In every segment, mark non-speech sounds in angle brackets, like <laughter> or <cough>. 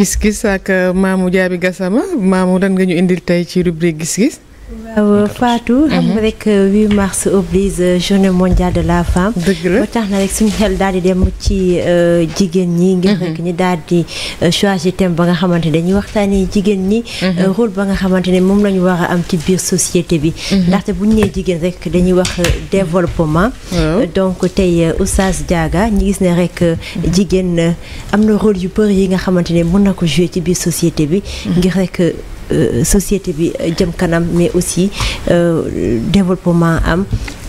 gis-gis ak euh, Mamou Diaby Gassama maamu lan nga ñu indil tey ci rubrique gis-gis. waaw Fatou. xam nga mhm. rek 8 euh, mars oblige euh, journée mondiale de la femme. dëgg tax na rek suñ xel daal di dem ci euh, jigéen ñi. ngir mhm. rek ni daal di choisir thème ba nga xamante ne dañuy waxtaanee jigéen ñi. Mhm. rôle ba nga xamante ne moom la ñu war a am ci biir société bi. ndaxte bu ñu nee jigéen rek dañuy wax développement. donc tey Oustaz Diaga ñu gis ne rek jigéen am na rôle yu bëri yi nga xamante ne mën na ko jouer ci biir société bi. ngir rek Euh, société bi jëm kanam mais aussi euh, développement am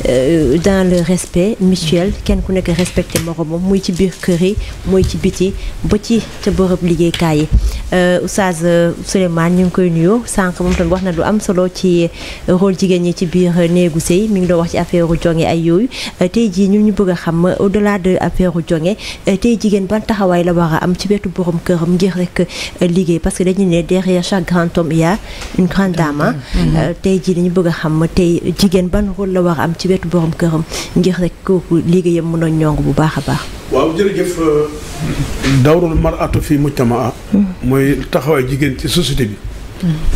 Euh, dans le respect mutuel kenn ku nekk respecté moroomam muy ci biir kër yi muy ci biti ba ci ca bërëb liggéeykaay yi euh, Oustaz euh, Souleymane ñu ngi koy nuyoo sànq moom tamit wax na lu am solo ci rôle jigéen ñi ci biir néegu sëy mu ngi doon wax ci affaire u jonge ay yooyu tey jii ñun ñu bëgg a xam au delà de affaire u jonge tey jigéen ban taxawaay la war a am ci wetu borom këram ngir rek liggéey parce que dañu ne derrière chaque grand homme il a une grande dame tey jii dañu bëgg a wetu borom këram ngir rek kooku liggéeyam mën a ñong bu baax a baax. waaw jërëjëf euh, dawrul mar'atu fi mujtamaa mooy taxawaay jigéen ci société bi.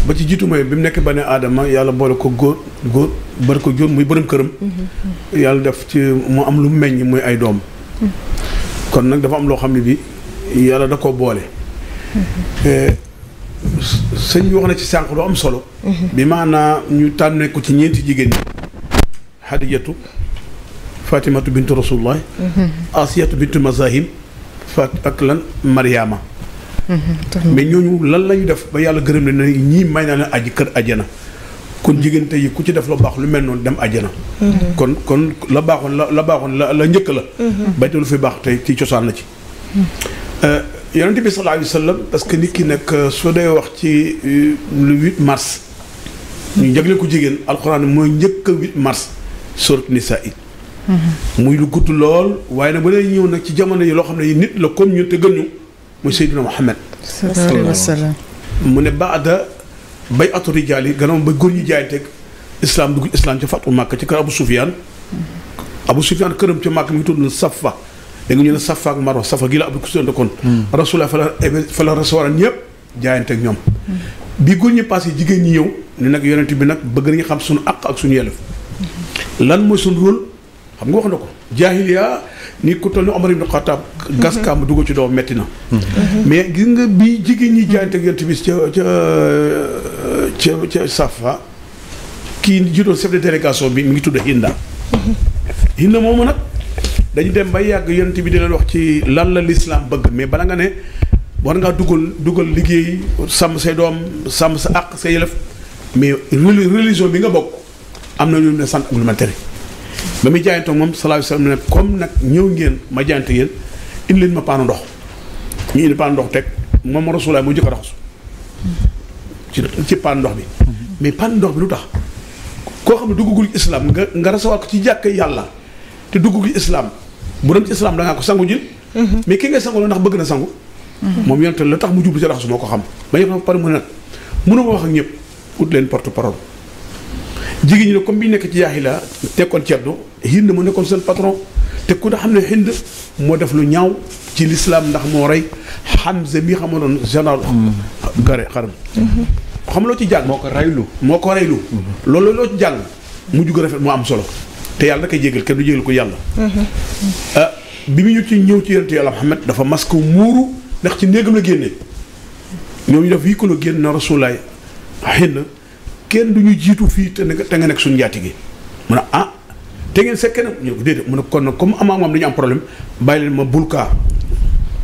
ba ci jiitu mooy bi mu nekk bane aadama yàlla boole ko góor góor bari ko jóor muy borom këram. yàlla def ci mu am lu meññ muy ay doom. kon nag dafa am loo xam ne bi yàlla da koo boole. Euh, sëñ bi wax na ci sànq lu am solo. Mm-hmm. bi maanaa ñu tànne ko ci ñeenti jigéen ñi. hadiyatu fatimatu bintu rasulullah mm-hmm. asiyatu bintu mazahim fat ak lan mariama mm-hmm. mais ñooñu lan lañu def ba yàlla gërëm leen ne ñii may naa leen aji kër ajana kon jigéente yi ku ci def la baax lu mel noonu dem ajana mm-hmm. kon kon la baaxoon la la baaxoon la la njëkk la bayte lu fi baax tey ci cosaan na ci euh, yonente bi sallallahu alayhi wa sallam parce que nit ki nag euh, soo dee wax ci euh, le 8 mars ñu jagle ko jigéen alxuraan mooy njëkk 8 mars sourate Nisaa it muy lu gudd lool waaye na ba lay ñëw nag ci jamono yi loo xam ne nit la comme ñun te gën ñu muy Seydina Muhammad mu ne baada bay atu rijaal yi ba góor ñi jaayante islaam dugg islaam ca fatu màkk ci kër Abu Sufyaan Abu Sufyaan këram ca màkk mi ngi tudd na Safa da nga ñu ne Safa ak Marwa Safa gi la Abdou Kousine kon hmm. Rasulullah fa la fa la recevoir ñëpp jaayante ñoom hmm. bi góor ñi passé jigéen ñi ñëw ne nag yonent bi na bëgg nañu xam suñu àq ak suñu lan mooy suñu rôle xam nga wax na ko jaahiliya ni ku toll ni Omar ibn gas kaam dugg ci doom metti na mais gis nga bi jigéen ñi jaayante yonent bi ca ca ca ca Safa kii jiitoon chef de délégation bi mi ngi tudd Hinda Hinda moomu nag dañu dem bay yàgg yonent bi di wax ci lan la lislaam bëgg mais bala nga ne war ngaa dugal dugal liggéey sàmm say doom sàmm sa àq sa yelef mais religion bi nga bokk am na ñu la sant ak lu ma tere ba muy jaayante moom salaahu comme nag ñëw ngeen ma jaayante leen ma paanu ndox ñu indi paanu ndox teg moom mu jëkk a ci ci paanu ndox bi mais paanu lu tax koo xam ne duggagul islam nga nga recevoir ci jàkk yàlla te duggagul islam bu doon ci islam da ngaa ko sangu jil mais ngay sangu ndax bëgg na sangu moom yonte la tax mu jublu ci raxasu moo ko xam ba ñëpp nag pare mu ne nag mënuma wax ak ñëpp ut leen porte parole jigéen ñi ne comme bi nekk ci yaahila tekkoon ceddo hind mu nekkoon seen patron te ku ne xam ne hind moo def lu ñaaw ci lislaam ndax moo rey xam mi xamoon doon général gare mm-hmm. xaram mm-hmm. xam loo ci jàng moo ko reylu moo ko reylu mm-hmm. loolu loo ci jàng mujj gu rafet moo am solo te yàlla da koy jégal kenn du jégal ko yàlla ah, bi mu ñu ci ñëw ci yonent yàlla Muhammad dafa masque muuru ndax ci néegam la génnee ñoom ñu def yi ko la génn na rasulaay hind kenn du ñu jiitu fii te nga nekk suñu njaati gi mu ne ah te ngeen seet kenn ñu déedéet mu a kon nag comme amaam am dañu am bi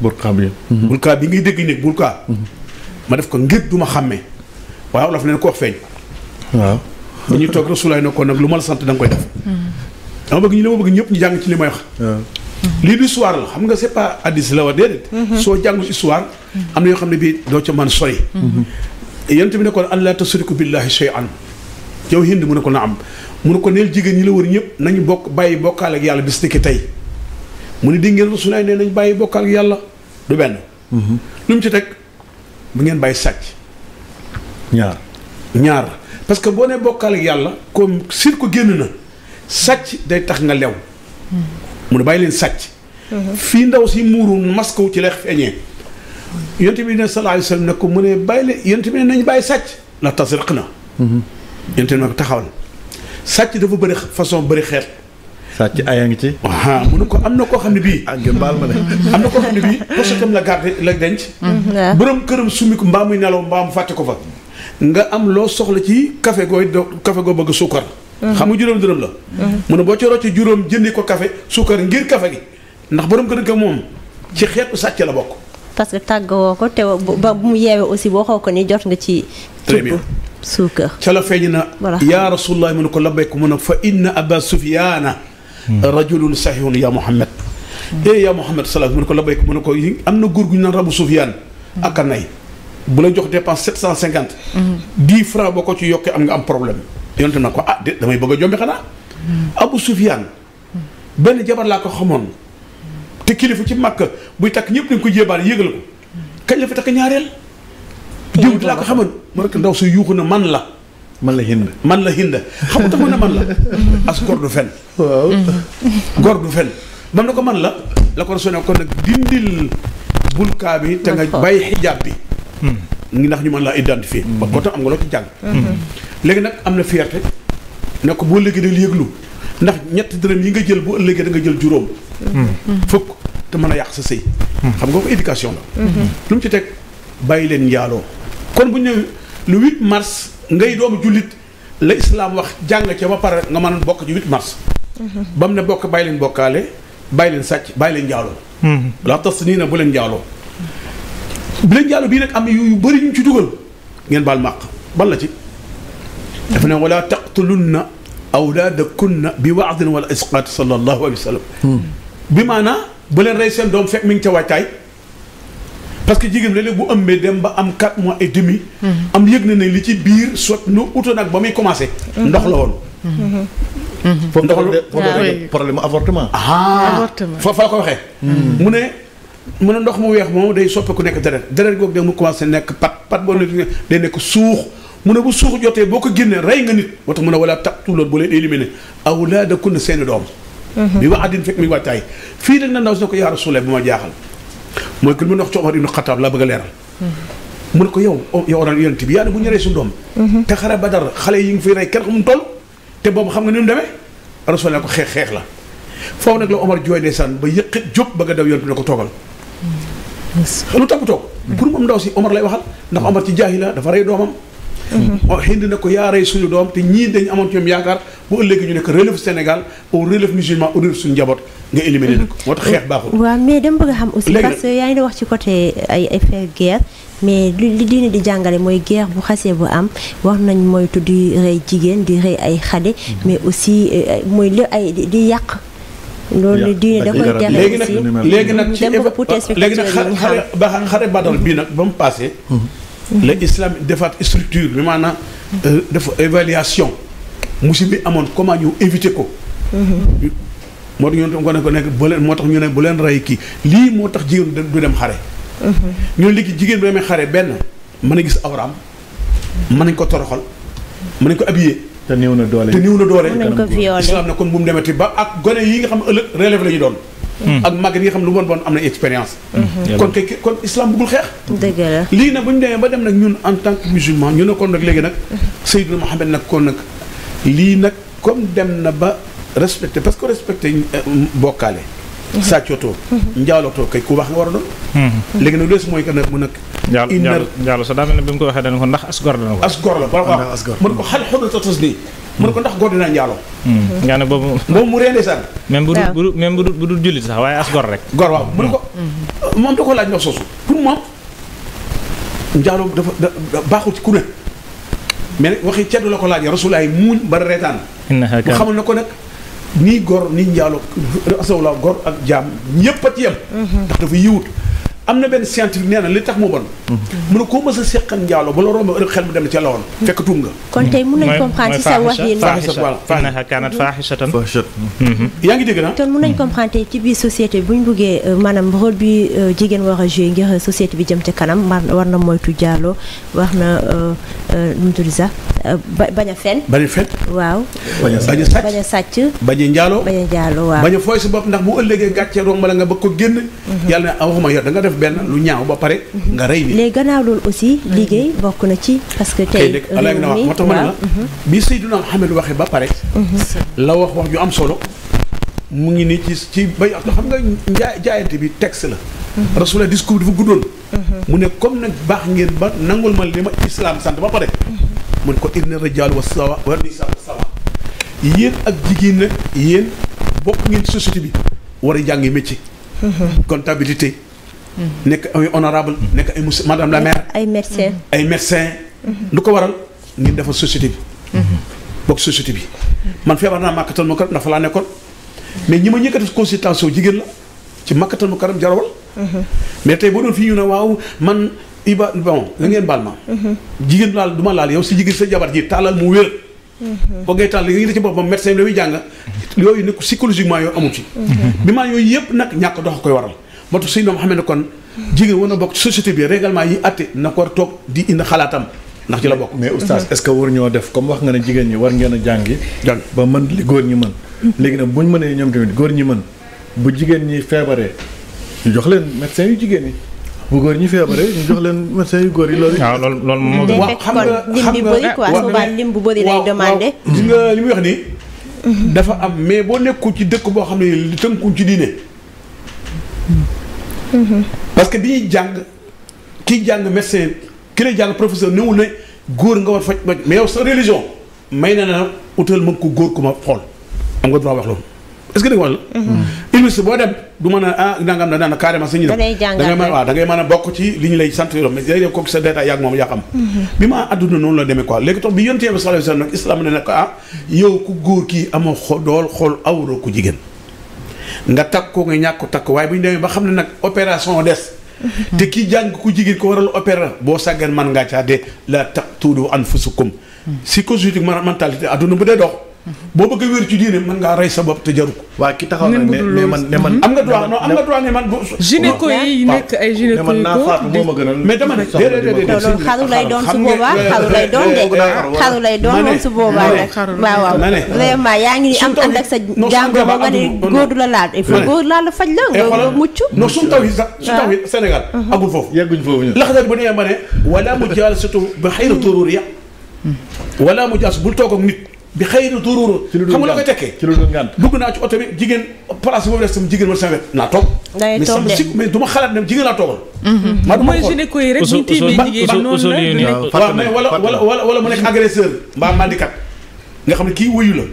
mm-hmm. bulka bi ngay dégg néeg bulka mm-hmm. ma def ko ngir du ma xàmmee waaye olof leen ko wax feeñ waaw bu ñuy na kon nag lu ma la da nga koy def mm-hmm. dama bëgg ñu li ma bëgg ñëpp ñu jàng ci li may wax lii du histoire la xam nga c'est pas addis déedéet soo jàngul histoire am na yoo xam ne bii doo ca mën sori yent bi ne ko an laa tasriku billahi shay'an yow hind mu ne ko na am mu ne ko neel jigéen ñi la war ñëpp nañu bokk bàyyi bokkaal yàlla bis ni ki tey mu ne di ngeen rasulaay ne nañu bàyyi bokkaal ak yàlla du benn mhm. lu mu ci teg bu ngeen bàyyi sàcc ñaar ñaar parce que boo nee bokkaal ak yàlla comme sir ko génn na sàcc day tax nga lew hmm. mu ne bàyyi leen sàcc mhm. fii ndaw si muuru masque ci lay feeñee yonent bi ne sallallahu alayhi wa sallam ne ko mu ne bàyyi la yonent bi ne nañu bàyyi sàcc la tasriq na yonent bi ne ko taxawal sàcc dafa bëri façon bëri xeet sàcc aya ngi ci waaw mu ne ko am na koo xam ne bii ah, ngeen baal ma ne am na koo xam ne bii posetam la garde la denc mm, borom këram summi ko mbaa muy nelaw mbaa mu fàtte ko fa nga am loo soxla ci café gooy do café goo bëgg suukar mm. xam nga juróom dërëm la mm. mu ne boo ci rocce juróom jëndi ko café suukar ngir café gi ndax borom kër ka moom ci xeetu sàcc la bokk parce que tàggawoo ko te bu mu yeewee aussi waxoo ko ni jot nga ci. très bien suukar. ca la feeñ na. yaa rasulullah mu ko labbayk eh, ko labbayk mu ko am na góor gu ak a nay bu la jox dépense 750. 10 mm-hmm. francs boo ko ci yokkee am nga am problème. yonent na ko ah damay bëgg jombi xanaa. Mm-hmm. abu sufyaan mm-hmm. benn jabar laa ko xamoon. te kilifa ci màkk buy takk ñëpp dañ ko jébaale yëgal ko kañ la fi takk ñaareel. diw laa ko xaman mu rek ndaw su yuuxu na man la. man la hind man la hind xam nga mën na man la as góor du fen waaw góor fen man na ko man la la ko rasonné kon nag dindil bulkaa bi te nga bàyyi xijaab bi ngi ndax ñu mën laa identifier mm-hmm. ba ko tam am nga loo ci jàng mm-hmm. léegi nag am na fierté ne ko boo léegi del yëglu ndax ñett dërëm yi nga jël bu ëllëgee da nga jël juróom Hmm. fukk te mën a yàq sa sëy hmm. xam nga ko éducation la hmm. lu mu ci teg bàyyi leen njaaloo kon bu ñu ne le 8 mars ngay doomu jullit la islam wax jàng ca ba pare nga mën bokk ci 8 mars ba mu ne bokk bàyyi leen bokkaale bàyyi leen sàcc bàyyi leen njaaloo laa tas nii na bu leen njaaloo bu leen njaaloo bii nag am yu bëri ñu ci dugal ngeen baal màq ban la ci dafa ne wala taqtulunna awlaadakunna bi waadin wala isqaat sallallahu alayhi wa sallam bi maanaa bu leen rey seen doom fekk mi ngi ca wàccaay parce que jigéen léeg-léeg bu ëmbee dem ba am 4 mois et demi. Mhm. am yëg na ne li ci biir sot nu uta nag ba muy commencé. Mhm. ndox la woon. Mhm. foofu ah problème avortement. avortement fa fa ko waxee. Hmm. mu ne mu ne ndox mu weex moom day soppeeku nekk deret deret googu da mu commencé nekk pat pat boo nekk day nekk suux. mu ne bu suux jotee boo ko génnee rey nga nit moo a mu ne wala tab tuuloon bu leen éliminer awlaadakunna seeni doom. bi wax addin fekk mi ngi fii nag na ndaw si ne ko yaa Rasulullah bu ma jaaxal mooy que lu mu wax ci Omar ibn Khattab laa bëgg a leeral mu ne ko yow yow oran yonent bi yaa ne bu ñu rey suñu doom te xare Badar xale yi ngi fiy rey la foofu nag la Omar jooy ndeysaan ba yëqit jóg bëgg a daw yonent bi ne ko toogal lu tax mu toog mm. pour moom ndaw si Omar lay waxal ndax mm. Omar ci jaahi la dafa rey doomam Hind mhm. oh, na ko yaa rey suñu doom te ñii dañu amoon ci ñoom yaakaar bu ëllëgee ñu nekk relève Sénégal au relève musulman au relève suñu njaboot nga éliminer na ko mhm. moo tax xeex baaxul. waaw mais dama bëgg a xam aussi parce que yaa ngi wax ci côté ay mais li diine di jàngale mooy guerre bu xasee bu am wax nañ moytu di rey jigéen ay xale. Mhm. mais aussi euh, mooy li ay di yàq. loolu diine da koy tere léegi nag léegi nag ci léegi nag xare xare badal bii nag ba mu le islam defaat structure bi maanaam euh, def évaluation musiba bi amoon comment ñu éviter ko moo tax ñu ko ne ko nekk bu leen moo tax ñu bu leen rey kii lii moo tax jigéen du dem xare ñun léegi jigéen bi demee xare benn mën a gis awraam mën nañ ko toroxal mën nañ ko habillé te néew na doole te néew na doole islam ne kon bu mu demee ti ba ak gone yi nga xam ëllëg relève la ñu doon Hmm. ak mag yi xam lu bon bon am na expérience. Hmm. kon kay kon islam bëggul xeex. lii nag bu ñu demee ba dem nag ñun en tant que musulman ñu ne kon nag léegi nag hmm. Seydina Mohamed nag kon nag lii nag comme dem na ba respecté parce que respecté euh, bokkaale. sàccootoo njaalotoo kay ku wax nga war a doon léegi nag lees mooy que nag mu nag inna njaalo sa daa mel ne bi mu ko waxee dana ko ndax as gor dana ko as gor la bala ko wax mën ko xal xodul tatas nii mën ko ndax gor dinaa njaalo hmm. nga ne boobu <laughs> moom mu reende sàn même bu dul même bu ko hmm. moom da ko laaj ndax soosu pour moom njaalo dafa baaxul ci ku ne mais waxi ceddu la ko laajee rasulaay muuñ ba reetaan mu xamal na ko nag nii gor nii njaaloo asawlaa gor ak jaam ñëpp a ci yem. Mm-hmm. ndax dafa yiwut am na benn scientifique nee na li tax mu bon. mu ne koo mës a seqal njaalo ba la romb xel mu dem ci la woon. fekk tuum kon tey mun nañu comprendre ci sa wax yi. yaa ngi dégg na. Ah? kon mun nañu comprendre tey ci biir société bu ñu buggee euh, maanaam rôle bi euh, jigéen war a joué ngir société bi jëm ci kanam war na moytu njaalo war na euh, nu mu tudd sax bañ a fen. bañ a fen. waaw. bañ a sàcc bañ a sàcc. bañ a a njaalo waaw. bañ a fooy si bopp ndax bu ëllëgee gàccee romb la nga bëgg ko génn. Mhm. yàlla na benn lu ñaaw ba pare nga rey ni léegi gannaaw loolu aussi liggéey bokk na ci parce que tey ala na wax moo tax ma ne la mhm. bi Seydina Muhammad waxee ba pare mhm. la wax wax ju am solo mu ngi nii ci ci bay xam nga njaay jaayante bi texte la mhm. rasulullah discours dafa guddoon mu ne comme nag baax ngeen ba nangul ma li ma islam sant ba pare mu ne ko inna rijal wa sawa wa nisa wa sawa yéen ak jigéen nag yéen bokk ngeen société bi war a jàngi métier comptabilité nekk ay honorable nekk ay monsieur madame la maire. ay médecin mm-hmm. ay médecin mm-hmm. lu ko waral ngir defar société bi. Mm-hmm. bokk société bi. man feebar naa màkkatal mu karam dafa laa nekkoon mais ñi ma ñëkk a def consultation jigéen la ci màkkatal mu karam jarawal. mais tey boo doon fii ñu ne waaw man Iba bon la ngeen baal ma. jigéen laal du ma laal yow si jigéen sa jabar ji taalal mu wér. boo ngay taal li ngi ci boppam médecin bi la muy jàng yooyu nag psychologiquement yooyu amu ci. bi yooyu yëpp nag ñàkk dox koy waral. moo tax Seydina Muhammad ne kon jigéen war na bokk ci société bi règlement yi àtte na ko toog di indi xalaatam ndax ci la bokk. mais oustaz est-ce que war ñoo def comme wax nga ne jigéen ñi war ngeen a jàngi. jàng li góor ñi mën. léegi nag bu ñu mënee ñoom tamit góor ñi mën bu jigéen ñi feebaree ñu jox leen médecin yu jigéen ñi. bu góor ñi feebaree ñu jox leen médecin yu góor yi loolu. waaw loolu loolu moo gën. waaw xam nga lim bi bëri quoi souvent lim bu bëri lay demandé. gis nga li muy wax nii. dafa am mais boo nekku ci dëkk boo xam ne tënkuñ ci diine parce que bi ñuy jàng kiy jàng médecin ki lay jàng professeur néewul ne góor nga war faj faj mais yow sa religion may na na utal ma ko góor ku ma xool am nga droit wax loolu est-ce que dégg nga wax la. Mhm. Mm-hmm. université boo dem du ma a ah nangam na naan carrément sa ñu. da ngay jàngat da ngay waaw da ngay mën a bokk ci li ñu lay sant yow mais léegi kooku sa détail yàgg moom yaa xam. Mhm. bi ma àdduna noonu la demee quoi léegi toog bi yonent bi sallallahu alayhi wasallam nag islam ne nag ah yow ku góor kii amoo xo dool xool awra ku jigéen. nga takk koo nga ñàkk ko takk waaye bu ñu demee ba xam ne nag opération des. Mhm. te kii jàng ku jigéen ko waral opéra boo sàggan man ngaa caa de la fu taq tuudu anfusukum mhm. psychologique mentalité adduna bu dee dox. boo bëgg a wér ci diine mën ngaa rey sa bopp te jaru ko. ki taxaw na ne man ne man. am nga droit non am nga droit ne man. gynéco yi nekk mais dama ne déedéet déedéet loolu xaru lay doon su boobaa xaru lay doon de xaru lay doon moom su boobaa waaw waaw vraiment yaa ngi am ànd ak sa jàngoro ba nga ne góor du la laal il faut góor laal la faj la nga eh, mucc. non suñu taw yi ba xëy na turuur ya wala mu jaas bul toog ak nit bi xëy na duruuru. xam nga la dugg naa ci oto bi jigéen place boobu def sama jigéen wala sama wet naa toog. mais sama sikk mais du ma xalaat ne jigéen laa toogal. Mhm. ma du ma xool mooy rek ñu tiimee jigéen noonu la waaw mais wala mu nekk agresseur mbaa mandikat nga xam ne kii wuyu la.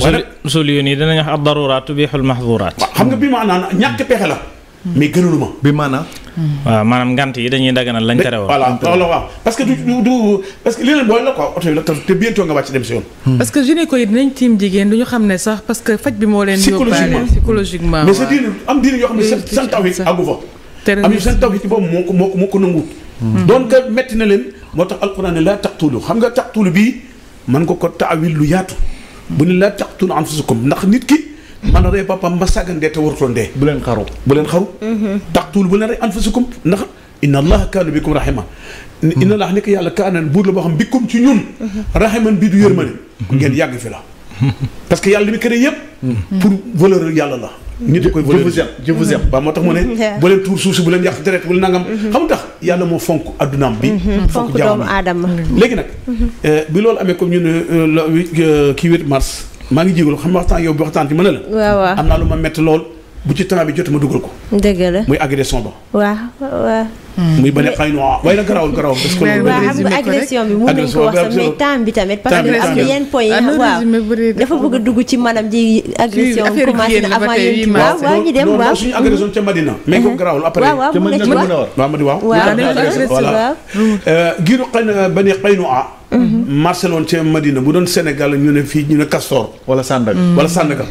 wala solution yi dinañ wax ad daruraat tubixul mahduraat. waaw xam nga bii maanaam ñàkk pexe la. mais gënalu ma. bi maanaam. waaw maanaam ngant yi dañuy daganal lañ tere waaw parce que du du parce que leneen booy la quoi oto yi la te nga wàcc dem si yoon. Hmm. parce que gynéco yi dinañ tiim jigéen du ñu xam ne sax parce que faj bi moo leen. yóbbaale psychologiquement mais sa diine am diine yoo xam ne seen taw yi àggu fa. am yu seen taw ci boobu moo ko moo ko moo ko nanguwut. Hmm. metti na leen moo tax alquran ne laa taqtulu xam nga taqtulu bii mën man a rey papaam ba sàggan dee te warutoon dee bu leen xaru bu leen xaru mhm. taqtul bu leen rey anfusukum ndax inna allaha kaana bikum allah nekk yàlla kaanan ci ñun mhm. rahiman bi du yërmande ngeen yàgg fi la parce que yàlla li mu créé yëpp mhm. pour valeur yàlla la nit da koy valeur je vous aime moo tax mu ne <laughs> bu leen tuur suuf si bu leen yàq deret bu leen nangam xam tax yàlla moo fonk addunaam bi fonk doomu aadama léegi nag eh, bi loolu amee comme ñu ne euh, euh, kii 8 mars maa ngi jégalu xam nga waxtaan yow bi waxtaan ci mën na la. waaw waaw am naa lu ma métti lool bu ci temps bi jot ma dugal ko. dëgg la muy agression ba. waaw Hmm. muy bañ a xëy na waaye nag garaawul garaawul. parce que xam nga agression bi mun nañ ko wax sax mais temps bi tamit. parce que am yenn point yi ah, waaw dafa bëgg a dugg ci maanaam ji agression commencé na avant ko mm-hmm. garaawul après. waaw waaw mun na waaw giiru xëy ba ne xëy na ah. Mm-hmm. marché loon ca Madina bu doon Sénégal ñu ne fii ñu ne Castor. wala Sandaga mm-hmm. wala Sandaga.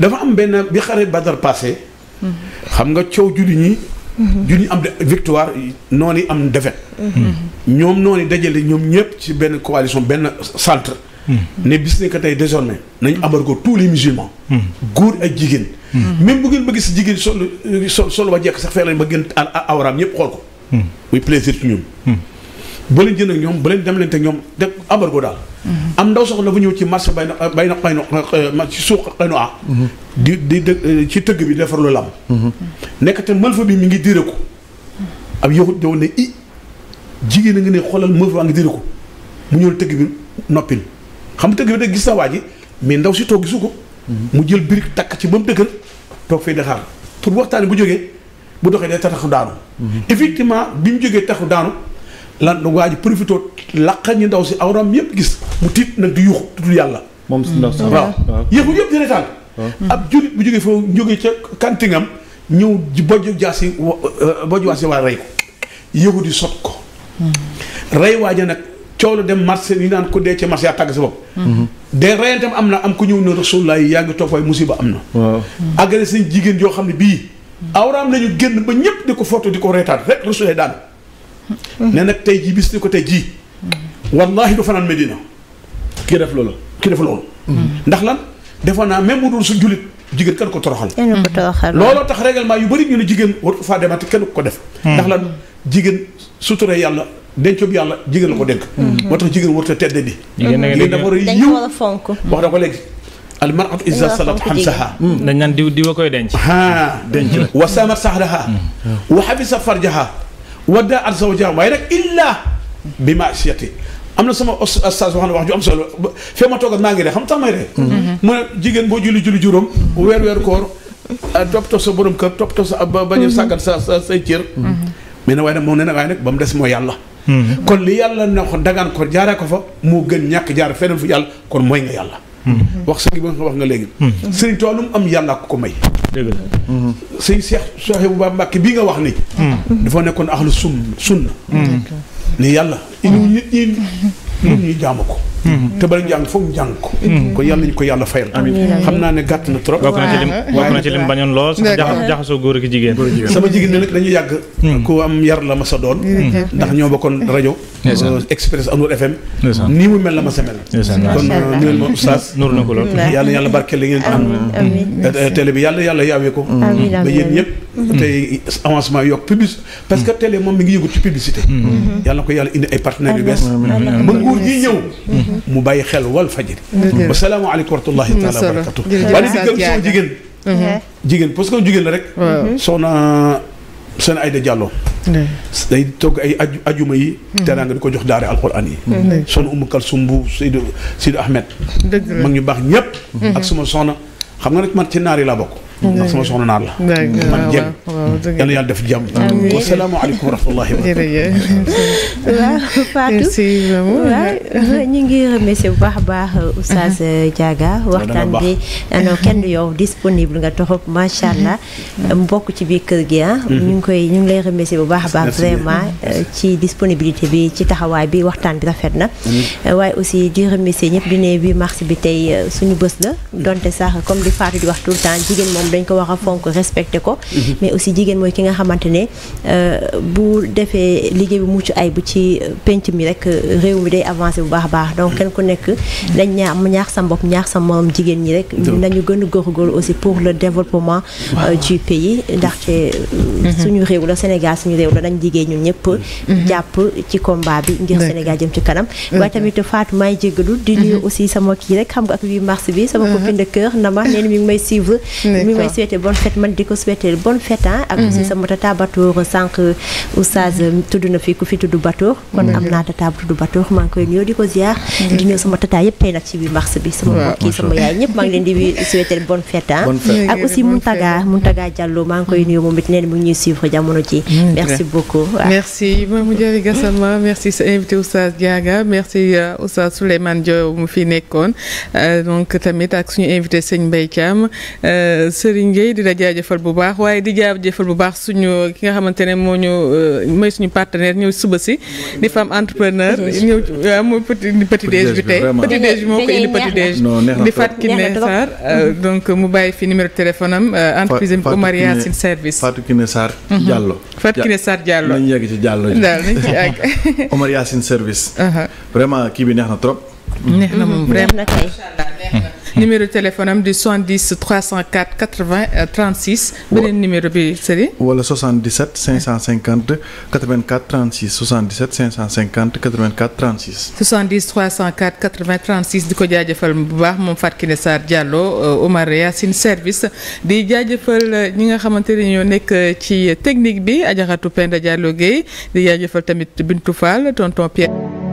dafa am benn bi xare Badar passé. xam nga coow julli ñi Mm-hmm. juñu am victoire noonu am défaite. Mm-hmm. ñoom noonu dajale ñoom ñëpp ci benn coalition benn centre. Mm-hmm. ne bis ne que tey désormais nañ embargo tous les musulmans. góor ak jigéen. même bu ngeen bëgg si jigéen sol sol sol ba jekk sax fee lañ ba gën a awraam ñëpp xool ko. muy plaisir ci ñoom. ba leen jënd ak ñoom ba leen dem leen te ñoom def embargo daal. am ndaw soxla bu ñëw ci marché bay na euh, bay na xëy na euh, ci suuq xëy na mhm. di di euh, ci tëgg bi defar lu lam mhm. nekk te malfa bi mu ngi dire ko ab yow yow ne i jigéen a ngi ne xoolal malfa waa ngi dire ko mu ñëw tëgg bi noppil xam tëgg bi da gis na waa ji mais ndaw si toog gisu ko mhm. mu jël birik takk ci ba mu dëkkal toog fay daxaar pour waxtaani bu jógee bu doxee day taxu daanu effectivement bi mu jógee taxu daanu lan la waa ji profité làqa ñu ndaw si awram yëpp gis mu tiit nag di yuux tudd yàlla. moom si ndaw si waaw yéex yëpp di retaan ab jullit bu jógee foofu jógee ca kantingam ñëw bojj jaasi euh, bojj waasi waa rey ko yahudi sot ko hmm. rey waa ja nag coow la dem marché yi naan ko dee ca marché yaa tàgg sa bopp hmm. de reyantam am na am ku ñëw ne rasulullah yi yaa ngi toog musiba am na agale hmm. seen jigéen yoo xam ne bii awraam lañu génn ba ñëpp di ko foto di ko reetaan rek rasulullah daan ne nag tey jii bis ni ko tey jii. wallaahi du fanaan Medina. ki def loolu ki def loolu. ndax lan defoon naa même bu dul su jullit jigéen kenn ko toroxal. kenn ko toroxal looloo tax règlement yu bëri ñu ne jigéen war faa demati kenn ko def. ndax lan jigéen suturee yàlla. dencob yàlla jigéen la ko dénk moo tax jigéen warut a tedd di jigéen dafa war a yiw wax da ko léegi al mar'atu iza salat xamsaha hmm. dañ naan diw diw a koy denc a denc la hmm. wa samat sa hmm. wa xabisa farjaha waddaa at sa wajaa waaye nag illaa bi maasiyati am na sama oustaz wax na wax ju am solo fee ma toogat maa ngi ree xam tax may ree mm-hmm. mu ne jigéen boo julli julli juróom weer weer koor ah, toppatoo sa borom kër toppatoo sa ba bañ a mm-hmm. sàggat sa sa say cër mais mm-hmm. nag waaye nag moom nee na waaye nag ba mu des mooy yàlla kon li yàlla na ko dagaan ko jaaree ko fa moo gën ñàkk jaar feneen fu yàlla kon mooy nga yàlla Mm-hmm. wax sëriñ ba nga wax nga léegi. Mm-hmm. sëriñ Tuubaa lu mu am yàlla ko ko may. dëgg la. sëñ Cheikh Cheikh bu Baax Mbàkke bii nga wax nii. Mm-hmm. dafa nekkoon axlu sunna sunna. ni yàlla. ñun ñuy jaamu ko. Mm-hmm. te bala jàng foog jàng ko. Mm-hmm. kon yàlla nañu ko yàlla fayal. xam naa ne gàtt na trop. bokk na ci lim bokk na ci lim bañoon lool. jaxasoo góor ak jigéen. sama jigéen ne nag dañuy yàgg. Mm-hmm. ku am yar la ma sa doon. ndax ñoo bokkoon rajo. Euh, express Anour FM. nii mu mel la ma sa mel. kon ni mel ma oustaz. na ko lool euh, euh, yàlla yàlla yàlla yàlla ko. ba yéen ñëpp. tey avancement yokk publicité. parce que télé moom mi ngi yëngu ci publicité. yàlla na ko yàlla indi ay partenaires yu nguur gi ñëw mu bàyyi xel wal fajiri wasalaamaaleykum wa rahmatullahi taala wa barakatu waaye di gërëm sama jigéen jigéen parce que jigéen la rek mm-hmm. soxna seen Ayda Diallo day togg ay aju ajuma yi mm-hmm. teraanga di ko jox daare alquran yi mm-hmm. soxna Umu Kalsum bu Seydou Seydou Ahmed mag ñu baax ñépp ak suma soxna xam nga nag man ci naar yi laa bokk ndax sama soxna naar la. man yàlla def jàmm. amiin wasalaamaaleykum wa <laughs> ñu ngi remercier bu baax a baax uh-huh. Oustaz Diaga waxtaan bi ah non kenn yow disponible nga torop macha uh-huh. allah. Uh-huh. mbokk ci biir kër gi ah. ñu ngi koy ñu ngi lay remercier bu baax a baax. vraiment euh, ci disponibilité bi ci taxawaay bi waxtaan bi rafet na. Euh, waaye aussi di remercier ñëpp di ne 8 mars bi tey euh, suñu bës la donte sax comme di Fatou di wax tout le temps jigéen moom. dañ ko wax a fonk respecté ko mhm. mais aussi jigéen mooy ki nga xamante ne euh, bu defee liggéey bu mucc ay bu ci penc mi rek euh, réew mi day avancé bu baax a baax donc kenn ku nekk dañ ñaa ñaax sa bopp ñaax sa morom jigéen ñi rek nañu gën a góorgóorlu aussi pour le développement euh, du pays ndaxte mhm. suñu réew la Sénégal suñu réew la dañ liggéey ñun ñëpp mhm. jàpp ci combat bi ngir Sénégal jëm ci kanam waaye tamit Fatou may jéggalu di nuyu aussi sama kii rek xam nga ak 8 bi sama copine de na mi ngi may souhaité bonne man di ko souhaité bonne fête ah. ak aussi mhm. sama tata mhm. ku fi tudd Batour. kon mhm. am naa tata bu tudd Batour maa di ko ziar. di nuyu sama tata bi. sama mbokk yi sama yaay ñëpp maa ngi leen di <laughs> souhaité bonne fête ah. ak aussi Mountaga Mountaga Diallo maa ngi koy nuyu moom it mu sa invité euh, fi nekkoon euh, donc tamit ak suñu invité sëñ Mbaye Thiam. Euh, Serigne Gueye di la jaajëfal bu baax waaye di jaajëfal bu baax suñu ki nga xamante ne moo ñu euh, mooy suñu partenaire ñëw suba si di femme entrepreneur ñëw waaw euh, mooy petit petit déj bi tey petit déj bi moo ko indi petit déj di Fatou Kiné Sarr euh, donc mu bàyyi fi numéro téléphone am entreprise am Omar Yacine service Fatou Kiné Sarr mhm. Diallo Fatou Kiné Sarr Diallo nañ yegg ci Diallo daal nañ ci àgg <laughs> <laughs> numéro téléphone am di 70 304 80 36. beneen numéro bi Serigne. wala 77 550 84 36 77 550 84 36. 70 304 80 36 di ko jaajëfal bu baax moom Fatou Kiné Sarr Diallo euh, Omar Yacine service di jaajëfal euh, ñi nga xamante ne ñoo nekk euh, ci technique bi Adjaratou Penda Diallo Guèye di jaajëfal tamit Bintou Fall tonton Pierre.